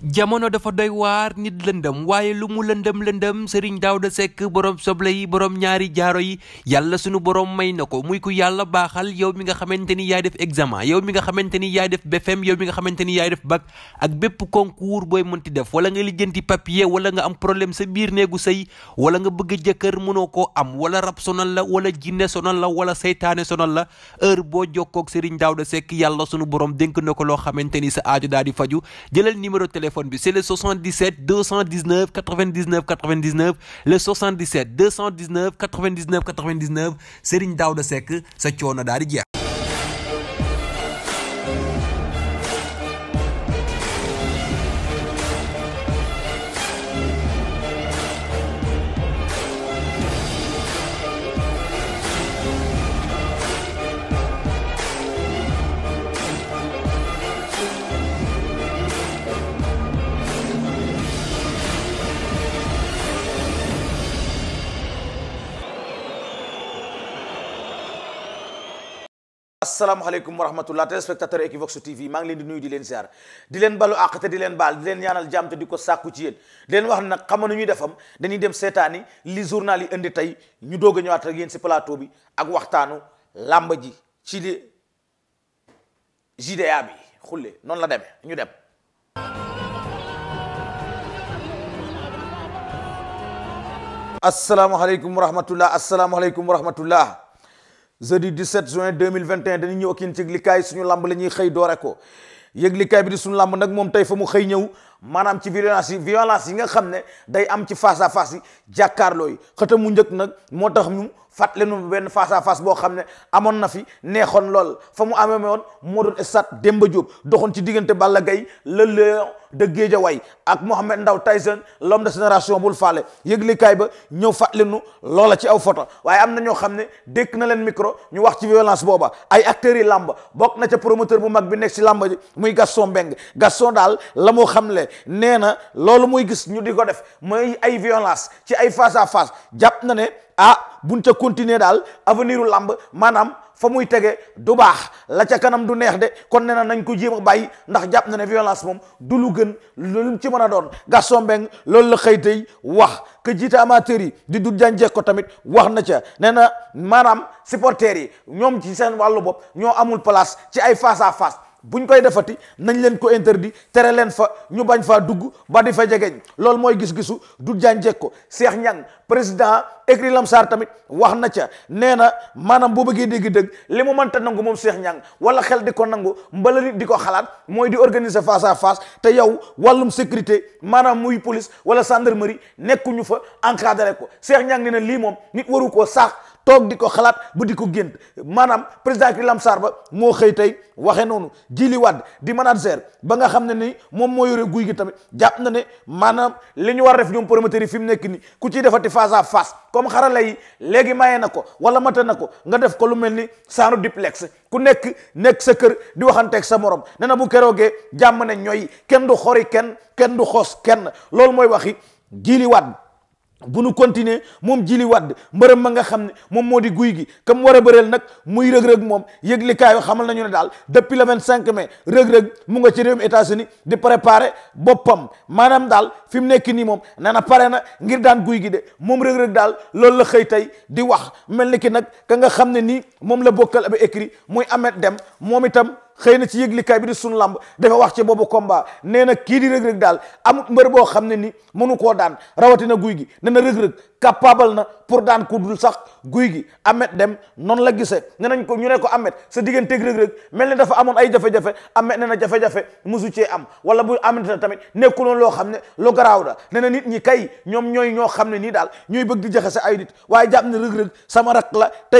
jamono dafa doy waar nit lëndëm waaye lu mu lëndëm lëndëm sëriñ da sekk borom soble yi borom ñaari jaaro yi yàlla sunu borom may na ko muy ku yàlla baaxal yow mi nga xamante ni yaay def examen yow mi nga xamante ni yaay def BFM e yow mi nga xamante ni yaay def bac ak bépp concours booy mënti def wala nga lijjanti papier wala nga am problème sa biir néegu sëy wala nga bëgg jëkkër mënoo koo am wala rab sonal la wala jinne sonal la wala seytaane sonal la heure boo jokkoog sëriñ Daawda Seck yàlla sunu borom dénk na ko loo xamante ni sa aajo daal di faju jëlal numéro téléphone téléphone bi c'est le 77 219 99 99 le 77 219 99 99 Serigne Daouda Seck sa coono daal di jeex. asalaamaaleykum wa rahmatullah téléspectateur Equivox TV maa ngi leen di nuyu di leen ziar di leen balu àq te di leen baal di leen ñaanal jàmm te di ko sàkku ci yéen di leen wax ne nag xam nu ñuy defam dañuy dem seetaani li journal yi indi tey ñu doog a ñëwaat ak yéen si plateau bi ak waxtaanu làmb ji ci li JDA bi xulle noonu la demee ñu dem. asalaamaaleykum wa rahmatullah asalaamaaleykum wa rahmatullah jeudi 17 juin 2021 dañu ñëw ak yéen ci yëglikaay suñu lamb la ñuy xëy doore ko yëglikaay bi di suñu lamb nag moom tey fa mu xëy ñëw maanaam ci violence yi violence yi nga xam ne day am ci face à face yi jàkkaarloo yi xëta mu njëkk nag moo tax ñu fàtt leenu benn fasa à boo xam ne amoon na fi neexoon lool fa mu amee woon moo doon stade Demba Diop doxoon ci diggante Balla Gaye le lion de Guédiawaye ak Mohamed Ndao Tyson l'homme de génération bul faale yëglikaay ba ñëw fàtt leenu loola ci aw foto waaye am na ñoo xam ne dékk na leen micro ñu wax ci violence booba ay acteurs yi làmb bokk na ca promoteur bu mag bi nekk si làmb muy Gaston mbeng Gaston daal la moo xam le nee na loolu muy gis ñu di ko def mooy ay violence ci ay face à face jàpp na ne ah buñ ca continuer daal avenir làmb maanaam fa muy tege du baax la ca kanam du neex de kon nee na nañ ko jéem a bàyyi ndax jàpp na ne violence moom du lu gën lu ci mën a doon Gaston Mbengue loolu la xëy wax que jiite amateurs yi di du jànjeek ko tamit wax na ca nee na maanaam supporters yi ñoom ci seen wàllu bopp ñoo amul place ci ay face à buñ koy defati nañ leen ko interdit tere leen fa ñu bañ faa dugg ba di fa jegeñ loolu mooy gis-gisu du jànjek ko Cheikh Niang président écrit Lamsar tamit wax na ca nee na maanaam boo bëggee dégg dëgg li mu mënta nangu moom Cheikh Niang wala xel di ko nangu mbala nit di ko xalaat mooy di organiser face fas te yow wàllum sécurité maanaam muy police wala gendarmerie nekkuñu fa encadré ko Cheikh Niang nee lii moom nit waru koo saax toog di ko xalaat bu di ko gént maanaam président ki lamsaar ba moo xëy tey waxe noonu jili wadd di manager ba nga xam ne ni moom moo yore guy gi tamit jàpp na ne maanaam li ñu war a def ñoom promoteurs yi fi mu nekk nii ku ciy defati face à face comme xarala yi léegi maye na ko wala mata na ko nga def ko lu mel ni saanu duplex ku nekk nekk sa kër di waxanteeg sa morom ne na bu keroogee jàmm ne ñooy kenn du xori kenn kenn du xoos kenn loolu mooy waxi jili wadd bu nu continuer moom jili wadd mbërëm ma nga xam ne moom moo di guy gi comme war a bëreel nag muy rëg-rëg moom yëgli kaayu xamal nañu ne daal depuis le vingt cinq mais rëg-rëg mu nga ci réewum États-Unis di préparer boppam maanaam daal fi mu nekk nii moom nee na pare na ngir daan guy gi de moom rëg-rëg daal loolu la xëy tey di wax mel ni ki nag ka nga xam ne nii moom la bokkal ab écrit muy Ahmed dem moom itam xëy na ci yëglikaay bi di sunu lamb dafa wax ci boobu combat nee na kii di rëg-rëg daal amut mbër boo xam ne nii mënu koo daan rawatina guy gi nee na rëg-rëg capable na pour daan ku dul sax guy gi amet dem noonu la gise ne nañ ko ñu ne ko amet sa digganteeg rëg-rëg mel ne dafa amoon ay jafe-jafe amet ne na jafe-jafe musu cee am wala bu amet na tamit nekkuloon loo xam ne lu garaaw da ne na nit ñi kay ñoom ñooy ñoo xam ne nii daal ñooy bëgg di jaxase ay nit waaye jàpp ne rëg-rëg sama rak la te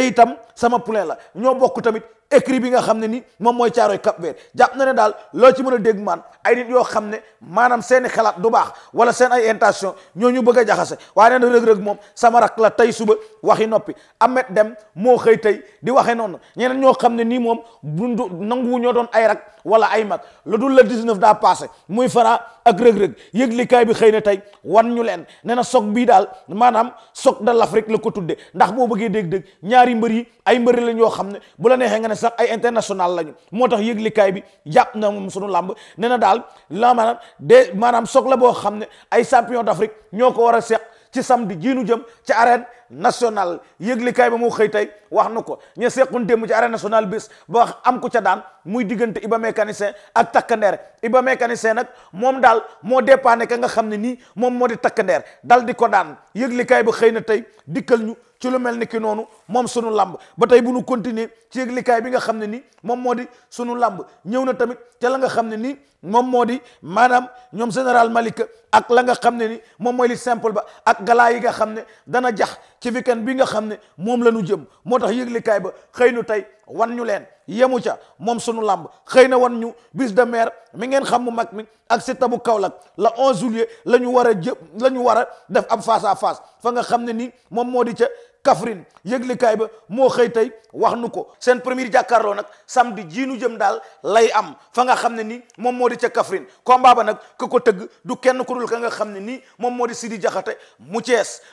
sama poulain la ñoo bokk tamit écrit bi nga xam ne ni moom mooy caaroy Cap Vert na ne daal loo ci mën a dégg maan ay nit yoo xam ne maanaam seeni xalaat du baax wala seen ay intention ñoo ñu bëgg a jaxase waaye nee na rëg-rëg moom sama rak la tey suba waxi noppi amet dem moo xëy tey di waxe noonu ñeneen ñoo xam ne nii moom bundu nanguwu ñoo doon ay rak wala ay mag lu dul le 19 daa passé muy fara ak rëg-rëg yëglikaay bi xëy na tey wan ñu leen nee na soog bii daal maanaam soog de l'Afrique la ko tudde ndax boo bëggee dégg ñaari mbër yi ay mbëri lañ yoo xam ne bu la neexee nga sax ay international lañu moo tax yëglikaay bi jàpp na moom sunu làmb nee na daal la maanaam de maanaam soxla boo xam ne ay champion d'Afrique ñoo ko war a seq ci samedi jiinu jëm ci arène nationale yëglikaay bi mu xëy tey wax na ko ña sequn démb ci arène national bis ba am ku ca daan muy diggante iba mécanicien ak takkandeer iba mécanicien nag moom daal moo dépanne ka nga xam ne nii moom moo di takkandeer dal di ko daan yëglikaay ba xëy na tey dikkal ci lu mel ni ki noonu moom sunu làmb ba tey bu nu continuer ci yëglikaay bi nga xam ne ni moom moo di sunu làmb ñëw na tamit ca la nga xam ne nii moom moo di maanaam ñoom général Malick ak la nga xam ne ni moom mooy li simple ba ak galaa yi nga xam ne dana jax ci weekend bi nga xam ne moom la ñu jëm moo tax yëglekaay ba xëy nu tey wan ñu leen yemu ca moom sunu làmb xëy na wan ñu bis de maire mi ngeen xam mu mag mi ak Siteu bu Kaolack la 11 juillet la ñu war a jë la ñu war a def am face à face fa nga xam ne ni moom moo di ca Kaffrine yëglikaay ba moo xëy tey wax nu ko seen premier jàkkaarloo nag samedi jii nu jëm daal lay am fa nga xam ne ni moom moo di ca Kaffrine combat ba nag ku ko tëgg du kenn ku dul ka nga xam ne nii moom moo di si di Jaxate mu bu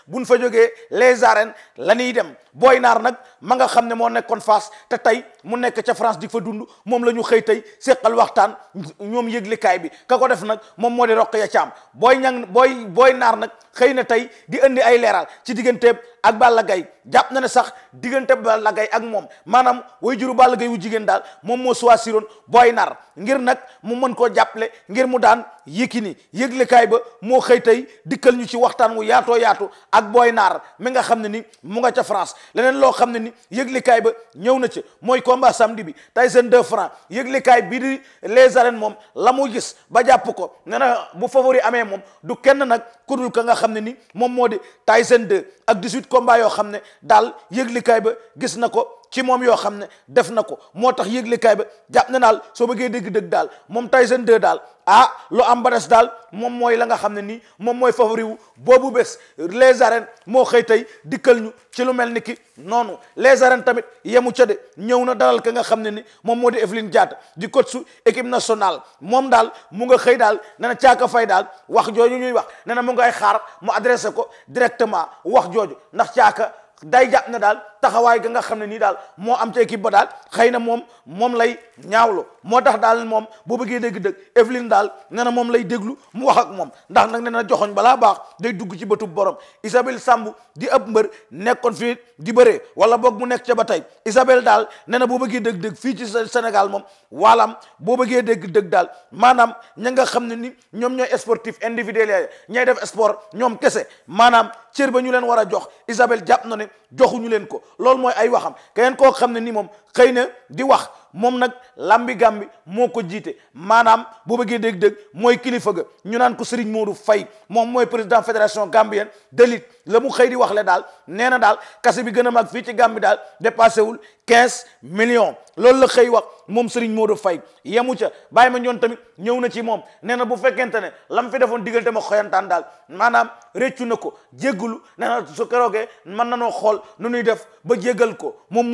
buñ fa jógee les arènes la ñuy dem booy naar nag ma nga xam ne moo nekkoon Fass te tey mu nekk ca France di fa dund moom la ñu xëy tey séqal waxtaan ñoom yëglikaay bi ka ko def nag moom moo di Rokhaya Thiam booy ñang booy booy naar nag xëy na tey di indi ay leeral ci digganteeb ak Balla Gaye jàpp na ne sax diggante Balla Gaye ak moom maanaam way juru Balla jigéen daal moom moo choisiroon booy naar ngir nag mu mën koo jàppale ngir mu daan Yékini yëglikaay ba moo xëy tey dikkal ñu ci waxtaan wu yaatoo yaatu ak booy naar mi nga xam ne ni mu nga ca France leneen loo xam ne ni yëglikaay ba ñëw na ci mooy combat samedi bi Tyson deux francs yëglikaay bi di les arènes moom la mu gis ba jàpp ko nee bu favori amee moom du kenn nag kudul ka nga xam ne ni moom moo di Tyson 2 ak 18 combat yoo xam ne daal yëglikaay ba gis na ko ci moom yoo xam ne def na ko moo tax yëglekaay ba jàpp na daal soo bëggee dégg-dëgg daal moom Tyson 2 daal ah lu am ba daal moom mooy la nga xam ne nii moom mooy favori wu boobu bés les arènes moo xëy tey dikkal ñu ci lu mel ni ki noonu les arènes tamit yemu ca de ñëw na daral ka nga xam ne ni moom moo di Evelyne Diatta di coach su équipe nationale moom daal mu nga xëy daal ne na caaka fay daal wax jooju ñuy wax ne na mu ngay xaar mu adressé ko directement wax jooju ndax caaka day jàpp na daal taxawaay ga nga xam ne nii daal moo am ci équipe ba daal xëy na moom moom lay ñaawlo moo tax daal moom boo bëggee dégg-dëgg Evelyne daal nee na moom lay déglu mu wax ak moom ndax nag nee joxoñ balaa baax day dugg ci bëtub borom Isabelle Samb di ab mbër nekkoon fii di bëree wala boog mu nekk ca ba tey Isabelle daal nee na boo bëggee dégg-dëgg fii ci Sénégal moom waalam boo bëggee dégg-dëgg daal maanaam ña nga xam ne ni ñoom ñooy sportif individuel yaay ñay def sport ñoom kese maanaam cër ba ñu leen war a jox Isabelle jàpp na ne joxuñu leen ko loolu mooy ay waxam keneen koo xam ne ni moom xëy na di wax moom nag lambi gàmbi moo ko jiite maanaam boo bëggee dégg dëgg mooy kilifa ga ñu naan ko Serigne Modou fay moom mooy président fédération gambienne de la mu xëy di wax la daal nee na daal kase bi gën a mag fii ci Gambie daal dépassé wul quinze millions loolu la xëy wax moom Serigne Modou fay yemu ca bàyyi ma ñoon tamit ñëw na ci moom nee na bu fekkente ne lam fi defoon diggante ma xoyantaan daal maanaam réccu na ko jéggulu nee na su keroogee mën xool nu ñuy def ba jéggal ko moom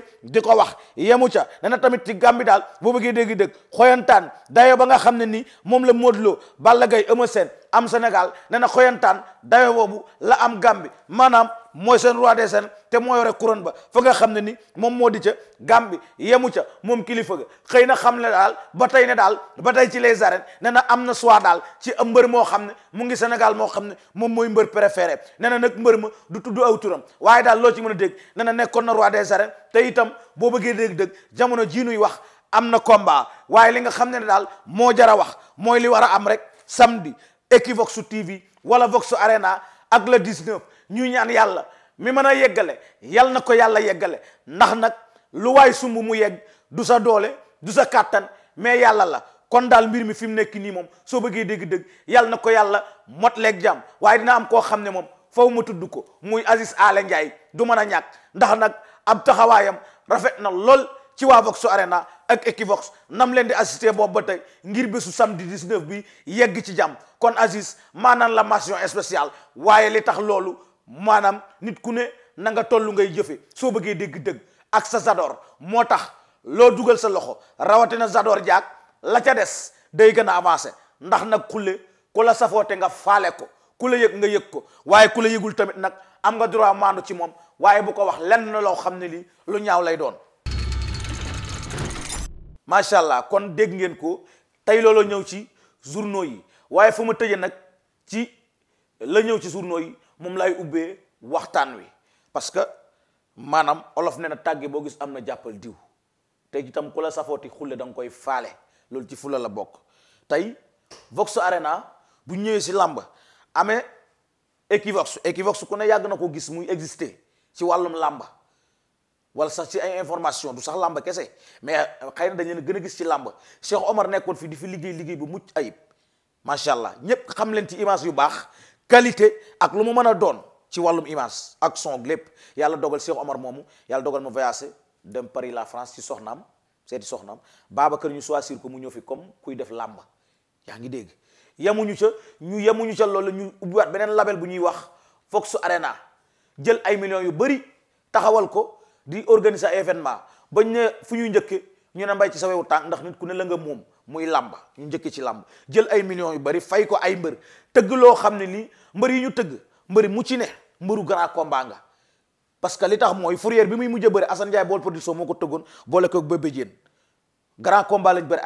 tamit di ko wax yemu ca nee na tamit ci gàmbi daal boo bëggee dégg dëgg xoyantaan dayo ba nga xam ne ni moom la Modou Lo Balla Gaye Eumeu Sène am senegal nee na xoyantaan dayo boobu la am gàmbi maanaam mooy seen roi des scènes te moo yore couronne ba fa nga xam ne ni moom moo di ca gàm bi yemu ca moom kilifa ga xëy na xam ne daal ba tey ne daal ba tey ci les arènes ne na am na soit daal ci mbër moo xam ne mu ngi Sénégal moo xam ne moom mooy mbër préféré ne na nag mbër ma du tudd aw turam waaye daal loo ci mën a dégg nana nekkoon na roi des arènes te itam boo bëggee dégg-dëgg jamono jii nuy wax am na komba waaye li nga xam ne ne daal moo jar a wax mooy li war a am rek samedi Equivox TV wala Vox Arena ak le 19 ñu ñaan yàlla mi mën a yeggale yal na ko yàlla yeggale ndax nag lu waay sumb mu yegg du sa doole du sa kàttan mais yàlla la kon daal mbir mi fi mu nekk nii moom soo bëggee dégg-dégg yal na ko yàlla mot leeg jàmm waaye dina am koo xam ne moom faw ma tudd ko muy Aziz Aly Ndiaye du mën a ñàkk ndax nag ab taxawaayam rafet na lool ci waa Vox Arena ak Equivox nam leen di assister boobu ba tey ngir bésu samedi 19 bi yegg ci jàmm kon Aziz maanaan la mention spéciale maanaam nit ku ne na nga toll ngay jëfe soo bëggee dégg dëgg ak sa zador moo tax loo dugal sa loxo rawatina zador jaag la ca des day gën a avancé ndax nag kulle ku la safoote nga faale ko ku la yëg nga yëg ko waaye ku la yëgul tamit nag am nga droit maandu ci moom waaye bu ko wax lenn loo xam ne lii lu ñaaw lay doon macha allah kon dégg ngeen ko tey looloo ñëw ci journaux yi waaye fu ma tëjee nag ci la ñëw ci journaux yi moom lay ubbee waxtaan wi parce que maanaam olof nee na tàggee boo gis am na jàppal diw te itam ku la safooti xulle da nga koy faale loolu ci fula la bokk tey Vox Arena bu ñëwee si làmb amee Equivox Equivox ku ne yàgg na ko gis muy exister ci wàllum làmb wala sax ci ay information du sax làmb kese mais xëy na dañ leen gën a gis ci làmb Cheikh Omar nekkoon fii di fi liggéey liggéey bu mucc ayib macha allah ñépp xam leen ci image yu baax qualité ak lu mu mën a doon ci wàllum image ak son lépp yàlla dogal Cheikh Omar moomu yàlla dogal ma voyagé dem Paris la France ci soxnaam seeti soxnaam kër ñu choisir ko mu ñëw fi comme kuy def làmb yaa ngi dégg yemuñu ca ñu yemuñu ca loolu ñu ubbiwaat beneen label bu ñuy wax Vox Arena jël ay millions yu bëri taxawal ko di organiser ay événement bañ ne fu ñuy njëkke ñu ne mbay ci sa wewu tànk ndax nit ku ne la nga moom muy làmb ñu njëkk ci làmb jël ay millions yu bari fay ko ay mbër tëgg loo xam ne nii mbër yi ñu tëgg mbëri mu ci ne mbëru grand combat nga parce que li tax mooy fourrière bi muy mujj a bëri Assane Ndiaye bool production moo ko tëggoon boole ko bébé Diène grand combat lañ bëri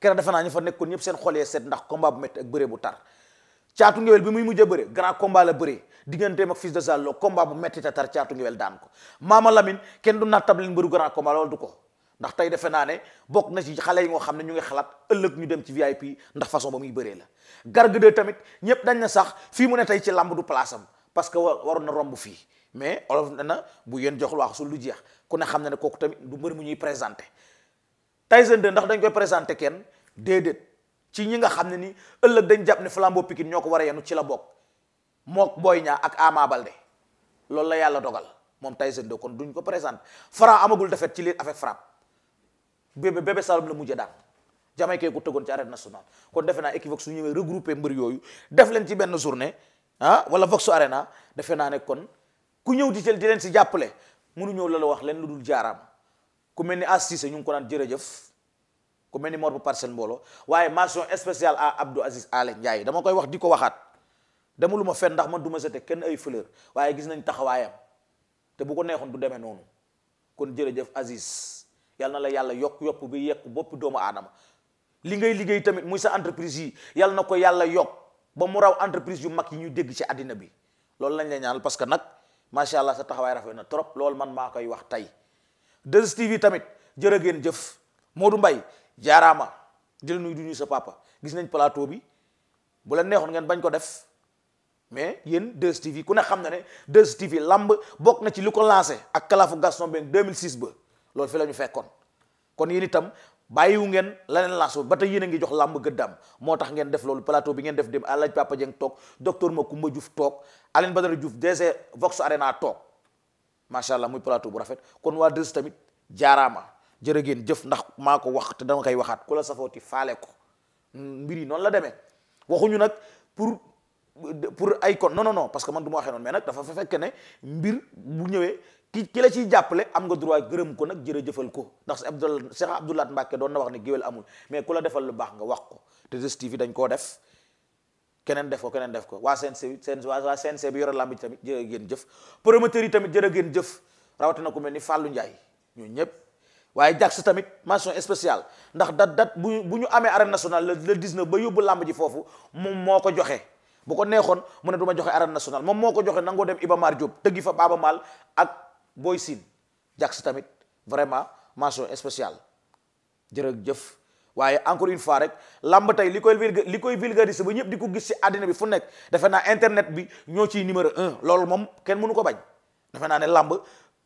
defe naa ñu fa nekkoon ñëpp seen xol yee seet ndax bu métti bu tar caatu ngewel bi muy mujj a bëri grand combat la bëri digganteem ak fils de Zallo combat bu métti te tar caatu ngewel daan ko Maama kenn du naat tableen bëru grand combat loolu du ko ndax tey defe naa ne bokk na ci xale yi nga xam ne ñu ngi xalaat ëllëg ñu dem ci VIP ndax façon ba muy bëree la Garga 2 tamit ñépp dañ na sax fii mu ne tey ci làmb du place am parce que waroon na romb fii mais olof na na bu yéen joxul wax su lu jeex ku ne xam ne ne kooku tamit du mbër mu ñuy présenté Tyson 2 ndax dañ koy présenté kenn déedéet ci ñi nga xam ne ni ëllëg dañ jàpp ne flambeau Pikine ñoo ko war a yenu ci la bokk mook Boy ñaa ak Ama loolu la yàlla dogal moom Tyson 2 kon duñ ko présenté Franc amagul defet ci li avec Frapp bébé bébé Saloum la mujjee daan jamay kee ko tëggoon ci arène nationale kon defe naa Equivox su ñëwee regroupé mbër yooyu def leen ci benn journée ah wala Vox Arena defe naa ne kon ku ñëw di jël di leen si jàppale mënu ñëw la wax leen lu dul jaaraama ku mel ni Assise ñu ngi ko naan jërëjëf ku mel ni Mor bu parcelle mbooloo waaye mention spéciale à Abdou Aziz Ale Ndiaye dama koy wax di ko waxaat dama lu ma fen ndax man du ma sete kenn ay fleur waaye gis nañ taxawaayam te bu ko neexoon du demee noonu kon jërëjëf Aziz yal na la yàlla yokk yopp bi yekk bopp doomu aadama li ngay liggéey tamit muy sa entreprise yi yal na ko yàlla yokk ba mu raw entreprise yu mag yi ñu dégg ci àddina bi loolu lañ la ñaanal parce que nag macha allah sa taxawaay rafet na trop loolu man maa koy wax tey 2STV tamit jërë ngeen jëf Modou mbay jaaraama di la nuyu du ñu sa papa gis nañ plateau bi bu la neexoon ngeen bañ ko def mais yéen 2STV ku ne xam na ne 2STV lamb bokk na ci lu ko lancé ak kalaafu Gaston Mbengue 2006 ba loolu fi la ñu fekkoon kon yéen itam bàyyiwu ngeen laneen laasu ba tey yéen a ngi jox làmb gëddaam moo tax ngeen def loolu plateau bi ngeen def dem Alaaji Papa Dieng toog ma Macoumba Diouf toog Aline Badara Diouf DG Vox naa toog macha allah muy plateau bu rafet kon waa des tamit jaaraama jërë ngeen jëf ndax maa ko wax te dama koy waxaat ku la safooti faale ko mbir yi noonu la demee waxuñu nag pour pour ay kon non parce que man du ma waxee noonu mais nag dafa fa fekk ne mbir bu ñëwee ki ki la ciy jàppale am nga droit gërëm ko nag jërëjëfal ko ndax Abdoul Cheikh Abdoulaat Mbacke doon na wax ne géwél amul mais ku la defal lu baax nga wax ko te 2STV dañ koo def keneen def ko keneen def ko waa CNC CNC waa CNC bi yore lamb ji tamit jërë ngeen jëf promoteur yi tamit jërë ngeen jëf rawatina ko mel ni Fallou Ndiaye ñoo ñëpp waaye jax tamit mention spéciale ndax dat dat bu bu ñu amee arène nationale le 19 ba yóbbu lamb ji foofu moom moo ko joxe. bu ko neexoon mu ne duma joxe arène nationale moom moo ko joxe nangoo dem Iba Mar Diop tëggi fa Baaba Maal ak Boy Sine jax tamit vraiment jër spéciale jëf waaye encore une fois rek lamb tey li koy li koy vulgariser ba ñëpp di ko gis ci àddina bi fu nekk defe naa internet bi ñoo ciy numéro un loolu moom kenn mënu ko bañ defe naa ne làmb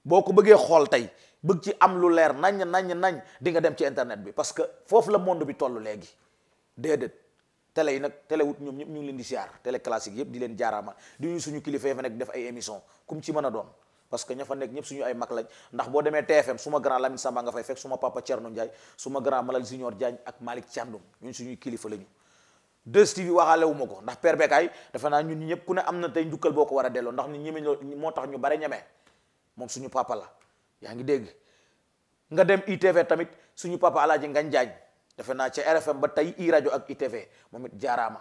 boo ko bëggee xool tey bëgg ci am lu leer nañ nañ nañ di nga dem ci internet bi parce que foofu la monde bi toll léegi déedéet télé yi nag tele wut ñoom ñëpp ñu ngi leen di siyaar télé classique yëpp di leen jaaraama di nuyu suñu kilifa yi fa nekk def ay émission kum ci mën a doon parce que ña fa nekk ñëpp suñu ay mag lañ ndax boo demee TFM suma grand Lamine Samba nga fay fekk suma papa Thierno Ndiaye suma grand Malal Junior Diagne ak Malick Thiandoum ñun suñuy kilifa lañu 2STV waxaale wu ma ko ndax Père defe naa ñun ñëpp ku ne am na tey njukkal boo ko war a delloo ndax ñu ñeme moo tax ñu bare ñeme moom suñu papa la yaa ngi dégg nga dem ITV tamit suñu papa Alaaji nga Diagne defe naa ca RFM ba tey i rajo ak ITV moom it jaaraama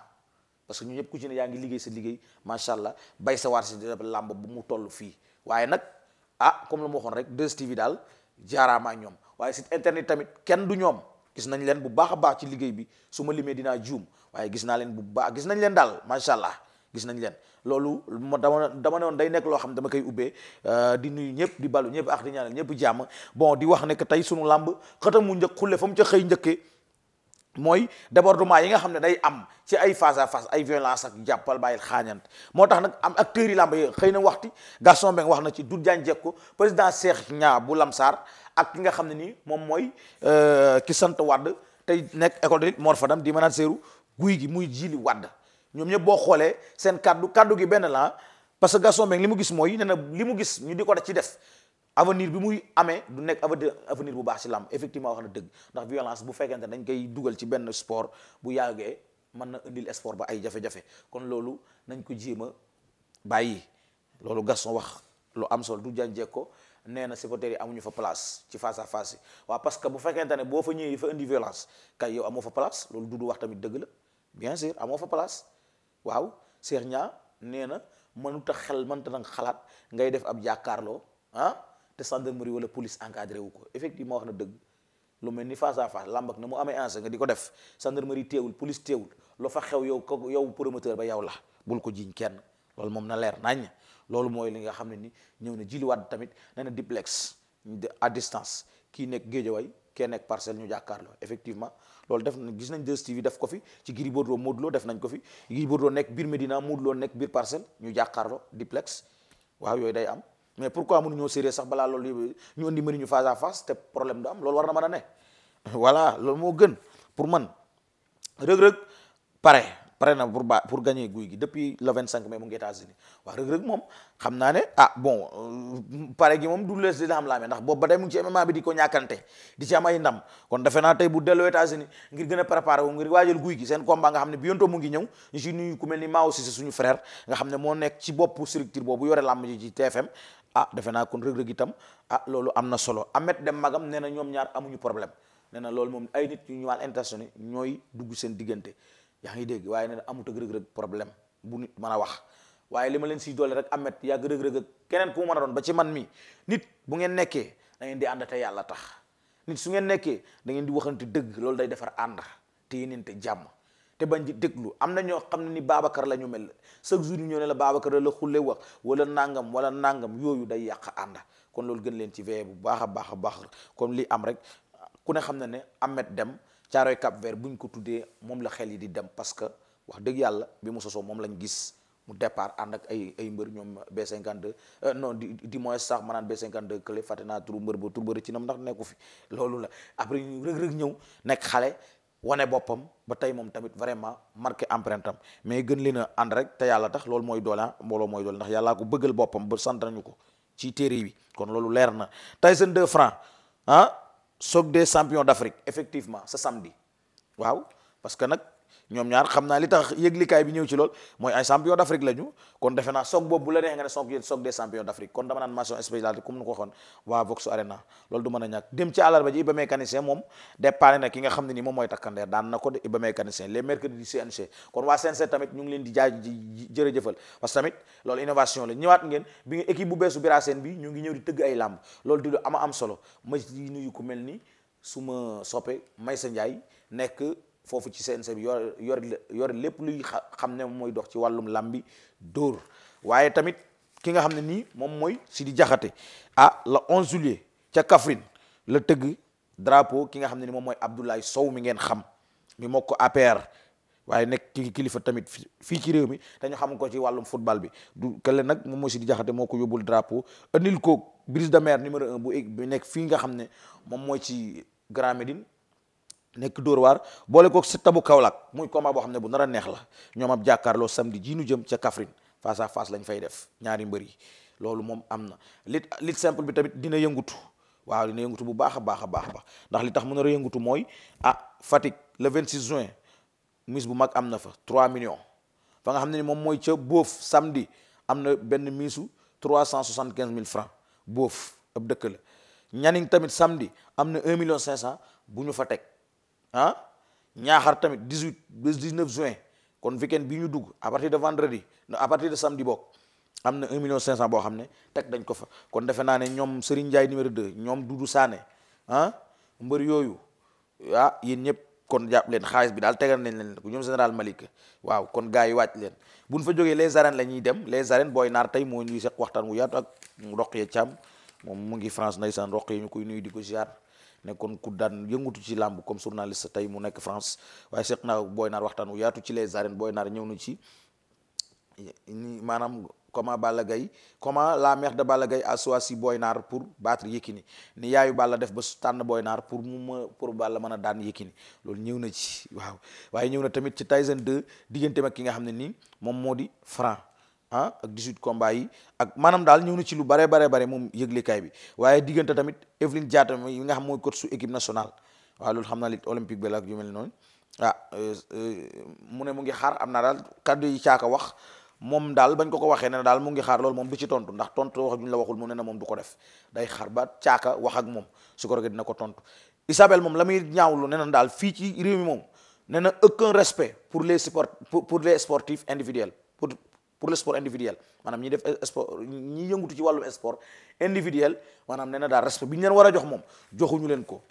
parce que ñu ñëpp ku ci ne yaa ngi liggéey sa liggéey macha allah bay sa waar si di làmb bu mu toll fii waaye nag ah comme la ma waxoon rek 2STV daal jaaraama ñoom waaye site internet tamit kenn du ñoom gis nañ leen bu baax a baax ci liggéey bi su ma limee dinaa juum waaye gis naa leen bu baax gis nañ leen daal macha allah gis nañ leen loolu ma dama dama ne woon day nekk loo xam dama koy ubbee euh, di nuyu ñëpp di balu ñëpp ak di ñaanal ñëpp jàmm bon di wax ne que tey sunu làmb xëtam mu njëkk xulle fa mu ca xëy njëkkee mooy débordement yi nga xam ne day am ci ay face à face ay violence ak jàppal bàyyil xaañant moo tax nag am acteurs yi làmb yi xëy na waxti Gaston Mbengue wax na ci Doudou Diagne Diecko président Cheikh Ñaa bu Lamsar ak ki nga xam ne nii moom mooy euh, ki sant Wade tey nekk école de lutte Mor Fadam di mënaat seeru guy gi muy jili Wade ñoom ñëpp boo xoolee seen kaddu kàddu gi benn la parce que Gaston Mbengue li mu gis mooy nee na li mu gis ñu di ko ci des avenir bi muy amee du nekk avenir bu baax ci làmb effectivement wax na dëgg ndax violence bu fekkente dañ koy dugal ci benn sport bu yàggee mën na indil sport ba ay jafe-jafe kon loolu nañ ko jéem a bàyyi loolu Gaston wax lu am solo du jànjeek ko nee na supporters yi amuñu fa place ci face a face yi waaw parce que bu fekkente ne boo fa ñëwee fa indi violence kay yow amoo fa place loolu dudu wax tamit dëgg la bien sûr amoo fa place waaw Cheikh Niang nee na mënut a xel mënut xalaat ngay def ab jàkkaarloo ah te gendarmerie wala police encadré wu ko effectivement wax na dëgg lu mel ni face a face làmb na mu amee enjeu nga di ko def gendarmerie teewul police teewul loo fa xew yow ko yow promoteur ba yow la bul ko jiiñ kenn loolu moom na leer nañ loolu mooy li nga xam ne ni ñëw na jili wadd tamit nee na duplex à distance kii nekk way kenn nekk parcelle ñu jàkkaarloo effectivement loolu def na gis nañ 2STV def ko fi ci Gris Bordeaux Modou Lo def nañ ko fi Gris Bordeaux nekk biir Médina Modou Lo nekk biir parcelle ñu jàkkaarloo duplex waaw yooyu day am mais pourquoi mënu ñoo sérieux sax balaa loolu ñu indi mënuñu face à face te problème du am loolu war na mën a ne voilà loolu moo gën pour man rëg-rëg pare pare na pour ba pour gagner guy gi depuis le 25 mai mu ngi États-Unis waaw rëg-rëg moom xam naa ne ah bon euh, pare gi moom du lees dina am laamee ndax boobu ba tey mu ngi ci MMA bi di ko ñàkkante di ci am ay ndam kon defe naa tey bu delloo États-Unis ngir gën a préparer wu ngir waajal guy ne ngi ñëw ñu si nuyu ku mel ni moo nekk ci bopp structure boobu yore làmb ah defe naa kon rëg-rëg itam ah loolu am na solo amet dem magam nee na ñoom ñaar amuñu problème nee na loolu moom ay nit ñu ñu wàll intention ni ñooy dugg seen diggante yaa ngi dégg waaye nee na amut ak rëg-rëg problème bu nit mën a wax waaye li ma leen siy doole rek amet yàgg rëg-rëg ak keneen ku mu mën a doon ba ci man mi nit bu ngeen nekkee da ngeen di ànd te yàlla tax nit su ngeen nekkee da ngeen di waxante dëgg loolu day defar ànd te yenente jàmm te bañ di déglu am na ñoo xam ne ni Babacar la ñu mel chaque jour ñu ñëw ne la la xulle wax wala nangam wala nangam yooyu day yàq ànd kon loolu gën leen ci veillé bu baax a baax a baax comme li am rek ku ne xam ne ne Ahmed Deme Caaroy Cap Vert buñ ko tuddee moom la xel yi di dem parce que wax dëgg yàlla bi mu sosoo moom lañ gis mu départ ànd ak ay ay mbër ñoom B52 euh, non di di moins sax maanaam B52 clé fàtte naa turu mbër ba turu bëri ci nam ndax nekku fi loolu la après wane boppam ba tey moom tamit vraiment marqué empreinte am mais gën li na ànd rek te yàlla tax loolu mooy doole ah mooy doole ndax yàllaa ko bëggal boppam ba sant nañu ko ci téere bi kon loolu leer na Tyson 2 Franc ah choc des champions d'Afrique effectivement sa samedi waaw parce nag ñoom ñaar xam naa li tax yëglikaay bi ñëw ci lool mooy ay champion d'Afrique la ñu kon defe naa soog boobu la neexee nga ne soog yéen soog d'Afrique kon dama naan mention spéciale comme nu ko waxoon a ñàkk dem ci àllarba ji nga xam ne ni moom mooy takkandeer daan na ko de Iba mécanicien les mercredis du CNG kon waa CNG tamit ñu ngi leen di jaay jërëjëfal parce que tamit loolu innovation la ñëwaat ngeen bi nga équipe bu beesu Biraseen bi ñu ngi ñëw di tëgg ay làmb loolu di lu ama foofu ci CNG bi yor yor yor lépp luy xam ne moom mooy dox ci wàllum làmbi dóor waaye tamit ki nga xam ne nii moom mooy Sidi Diakhaté ah le 11 juillet ca Kaffrine la tëgg drapeau ki nga xam ne ni moom mooy Abdoulaye Sow mi ngeen xam mi mokk ko APR waaye nekk ki kilifa tamit fii ci réew mi te ñu xam ko ci wàllum football bi du kële nag moom mooy Sidi Diakhaté moo ko yóbbul drapeau andil ko brise de mer numéro un bu e-, nekk fii nga xam ne moom mooy ci Grand Médine nekk Dóor waar boole ko Siteu bu Kaolack muy combat boo xam ne bu nar a neex la ñoom ab jàkkaarloo samedi ji nu jëm ca Kaffrine face à lañu fay def ñaari mbër yi loolu moom am na lit lit simple bi tamit dina yëngutu waaw dina yëngutu bu baax a baax a baax ndax li tax mu nar a yëngutu mooy ah Fatick le 26 juin mise bu mag am na fa 3 millions fa nga xam ne ni moom mooy ca boof samedi am na benn miisu 375 000 francs boof ab dëkk la ñaning tamit samedi am na 1 million 500 bu ñu fa teg. ah ñaaxar tamit dix huit ba dix neuf juin kon weekend bi ñu dugg à partir de vendredi à partir de samedi bokk am na un million cinq cent boo xam ne teg dañ ko fa kon defe naa ne ñoom Serigne Ndiaye numéro deux ñoom Doudou saane ah mbër yooyu ah yéen ñëpp kon jàpp leen xaalis bi daal tegal nañ leen ko ñoom général Malick waaw kon gars yi wàcc leen buñ fa jógee les arènes la ñuy dem les arènes booy naar tey moo ñuy seq waxtaan wu yaatu ak Roqe Thiam moom mu ngi France ndeysaan Roqe ñu koy nuyu di ko ziar nekkoon ku daan yëngutu ci làmb comme journaliste tey mu nekk France waaye seq naa booy naar waxtaan wu yaatu ci les arènes booy naar ñëw na ci ni maanaam comment Balla gay comment la meex de Balla Gaye a choisi Boy Naar pour battre Yékini ni yaayu Balla def ba tànn Boy Naar pour mu ma pour Balla mën a daan Yékini loolu ñëw na ci waaw waaye ñëw na tamit ci Tyson 2 diggante mag ki nga xam ne nii moom moo di Franc ah ak 18 combats yi ak maanaam daal ñëw na ci lu bare bare bare moom yëglekaay bi waaye diggante tamit Evelyne Diatta mi nga xam ah, euh, euh, mu ne mu am naa daal kàddu yi caaka wax moom daal bañ ko ko waxee ne daal mu ngi xaar loolu moom du ci tontu ndax tontu wax juñ la waxul moom ne moom du ko def day xaar ba caaka wax ak moom su ko rogee dina ko tontu Isabelle moom la ñaawlu ne daal fii ci réew mi moom ne na respect pour les sport pour pour le sport individuel maanaam ñi def sport ñi yëngutu ci wàllum sport individuel maanaam nee na daal respect bi ñu leen war a jox moom joxuñu leen ko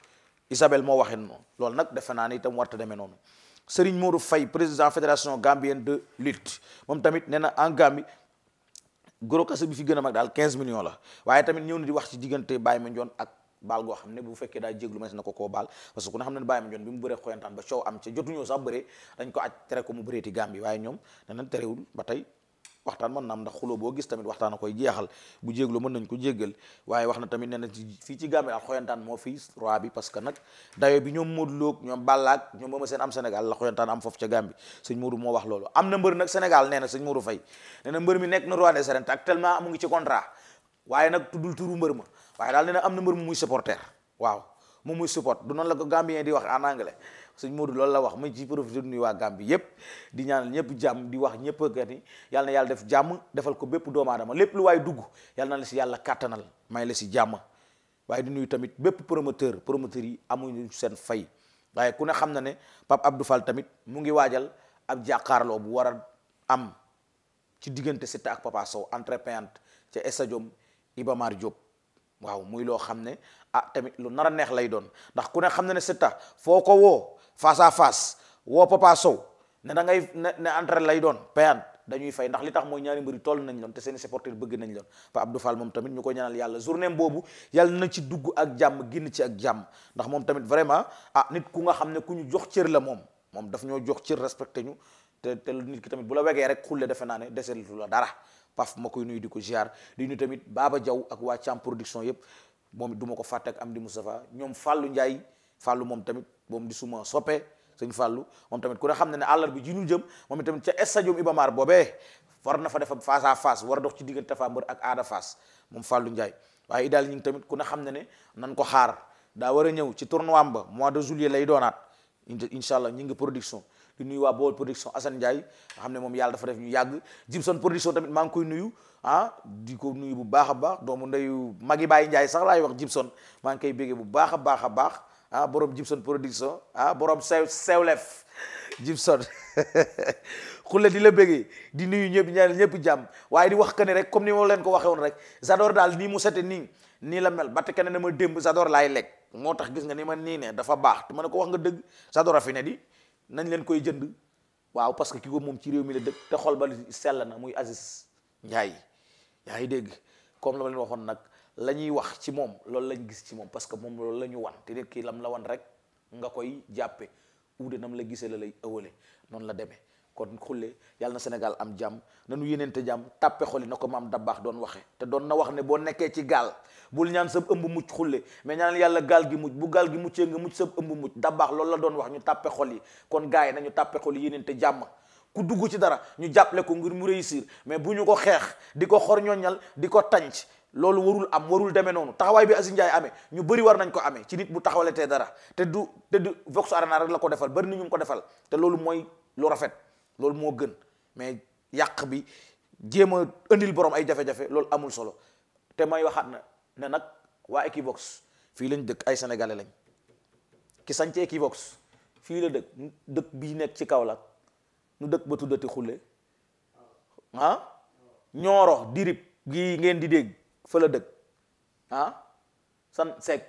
Isabelle moo waxee noonu loolu nag defe naa ne itam warta demee noonu moo Modou Faye président fédération gambienne de lutte moom tamit nee na en Gambie gros kase bi fi gën a mag daal 15 millions la waaye tamit ñëw na di wax ci diggante Baye Mandione ak baal goo xam ne bu fekkee daa jéglu mënees na ko koo baal parce que ku ne xam ne Baye bi mu bëree xoyantaan ba coow am waxtaan mën na am ndax xuloo boo gis tamit waxtaan a koy jeexal bu jéeglu mën nañ ko jéggal waaye wax na tamit nee na fii ci Gambie ak xoyantaan moo fi roi bi parce que nag dayo Lo ñoom Balla ak ñoom Eumeu Sène am Sénégal la xoyantaan am foofu ca Gambie sëñ Modou moo wax loolu am na mbër nag Sénégal nee na sëñ Modou Faye nee na mbër mi nekk na roi des arènes actuellement mu ngi ci contrat waaye nag tuddul turu mbër ma waaye daal nee na am na mbër mu muy supporter waaw mu muy support du noonu la ko Gambien di wax en anglais sëñ Modou loolu la wax ma ci profité di nuyu waa Gambie yépp di ñaanal ñëpp jàmm di wax ñëpp kat yàlla yàlla def jàmm defal ko bépp doomu aadama lépp lu waaye dugg yàlla na la si yàlla kàttanal may la si jàmm waaye di nuyu tamit bépp promoteur promoteur yi amuñu seen fay waaye ku ne xam na ne Pape Abdou Fall tamit mu ngi waajal ab jàkkaarloo bu war a am ci diggante Siteu ak Papa Sow entreprenant ca stadium ibamaar Mar waaw muy loo xam ne ah tamit lu nar a neex lay doon ndax ku ne xam ne ne Siteu foo ko woo face à face woo Papa Sow ne da ngay ne ne entre lay doon payante dañuy fay ndax li tax mooy ñaari mbëri toll nañ loon te seeni supporters bëgg nañ loon Pa Abdou Fall moom tamit ñu ko ñaanal yàlla journée boobu yàlla na ci dugg ak jàmm ginn ci ak jàmm ndax moom tamit vraiment ah nit ku nga xam ne ku ñu jox cër la moom moom daf ñoo jox cër respecté ñu te te nit ki tamit bu la wegee rek xulle defe naa ne deseetu la dara paf ma koy nuyu di ko ziar di nuyu tamit baaba jaw ak waa Thiam production yëpp moom du ma ko fàtte ak Amdi Moustapha ñoom fàllu Ndiaye fàllu moom tamit moom di suma soppe sëñ Fallou moom tamit ku ne xam ne ne àllar bi ji ñu jëm moom tamit ca stadium Iba Mar boobee war na fa def face à face war dox ci diggante Tapha Mbeur ak Ada Fass moom Fallou Ndiaye waaye idaal ñu ngi tamit ku ne xam ne ne nan ko xaar daa war a ñëw ci tournoi ba mois de juillet lay doonaat incha allah ñu ngi production di nuyu waa Baol production asan Ndiaye xam ne moom yàlla dafa def ñu yàgg Gibson production tamit maa ngi koy nuyu ah di ko nuyu bu baax a baax doomu ndeyu Magi bàyyi Ndiaye sax laay wax Gibson maa ngi koy béggee bu baax a baax a baax boroom ah, borom Gibson production ah borom sew sewlef Gibson xulle di la béggee di nuyu ñëpp ñaan ñëpp jàmm waaye di wax que ni rek comme ni moo leen ko waxee woon rek j'adore daal nii mu sete nii nii la mel ba te kenn ne ma démb j'adore laay lekk moo tax gis nga ni ma nii dafa baax ma ne ko wax nga dëgg j'adore a fi nañ leen koy jënd waaw parce que ki ko moom ci réew mi la dëkk te xol ba sell na muy Aziz Ndiaye yaa ngi dégg comme la ma leen waxoon nag la ñuy wax ci moom loolu lañ gis ci moom parce que moom loolu la ñu wan te nit lam la wan rek nga koy jàppe uude nam la gisee la lay ëwale noonu la demee kon xulle yàlla na Sénégal am jàmm na nu yéneente jàmm tàppe xoli na ko maam dabbaax doon waxe te doon na wax ne boo nekkee ci gaal bul ñaan sab ëmb mucc xulle mais ñaanal yàlla gaal gi mucc bu gaal gi muccee nga mucc sab ëmb mucc dabbaax loolu la doon wax ñu tàppe xol yi kon gars yi nañu tàppe xol yi yéneente jàmm ku dugg ci dara ñu jàppale ko ngir mu réussir mais bu ñu ko xeex di ko xor ñoñal di ko tànc loolu warul am warul demee noonu taxawaay bi Aziz Ndiaye amee ñu bëri war nañ ko amee ci nit bu taxawalee tee dara te du te du Vox Arena rek la ko defal bëri na ñu ko defal te loolu mooy lu rafet loolu moo gën mais yàq bi jéem a indil borom ay jafe-jafe loolu amul solo te may waxaat na ne nag waa Equivox fii lañ dëkk ay sénégalais lañ ki sañc Equivox fii la dëkk dëkk bii nekk ci Kaolack nu dëkk ba tuddati xulle ah ñooro dirib gii ngeen di dégg fa la dëkk ah san sec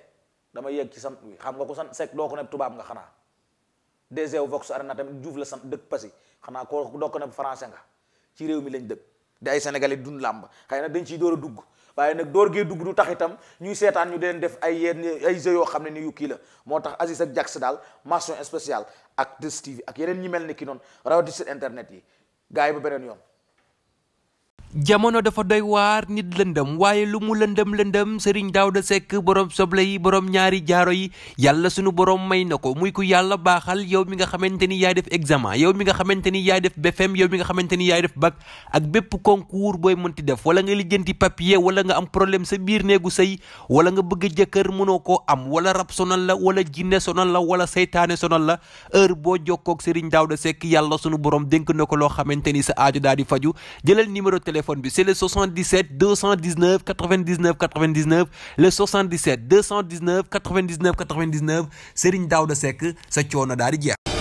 dama yegg ci san xam nga ko san sec loo ko ne tubaab nga xanaa DG Vox Arena tamit Diouf la sant dëkk Passy xanaa ko dokk na français nga ci réew mi lañ dëkk di ay sénégalais dund làmb xëy na dañ ciy door a dugg waaye nag door gee dugg du tax itam ñuy seetaan ñu deen def ay yenn ay jeux yoo xam ne ni yu kii la moo tax Aziz ak Jax daal mention spéciale ak 2STV ak yeneen ñi mel ni ki noonu rawatina site internet yi gars yi ba beneen yoon. jamono dafa doy waar nit lëndëm waaye lu mu lëndëm lëndëm daaw Daouda Seck borom soble yi borom ñaari jaaro yi yàlla sunu borom may na ko muy ku yàlla baaxal yow mi nga xamante ni yaay def examen yow mi nga xamante ni yaay def BFM e yow mi xamante ni yaay def bac ak bépp concours booy mënti def wala nga lijjanti papier wala nga am problème sa biir néegu sëy wala nga bëgg jëkkër mënoo koo am wala rab sonal la wala jinne sonal la wala seytaane sonal la heure boo jokkoog Serigne Daouda Seck yàlla sunu borom dénk na ko loo xamante ni sa aajo daal di faju jëlal numéro téléphone téléphone bi c'est le 77 219 99 99 le 77 219 99 99 Serigne Daouda Seck sa coono daal di jeex.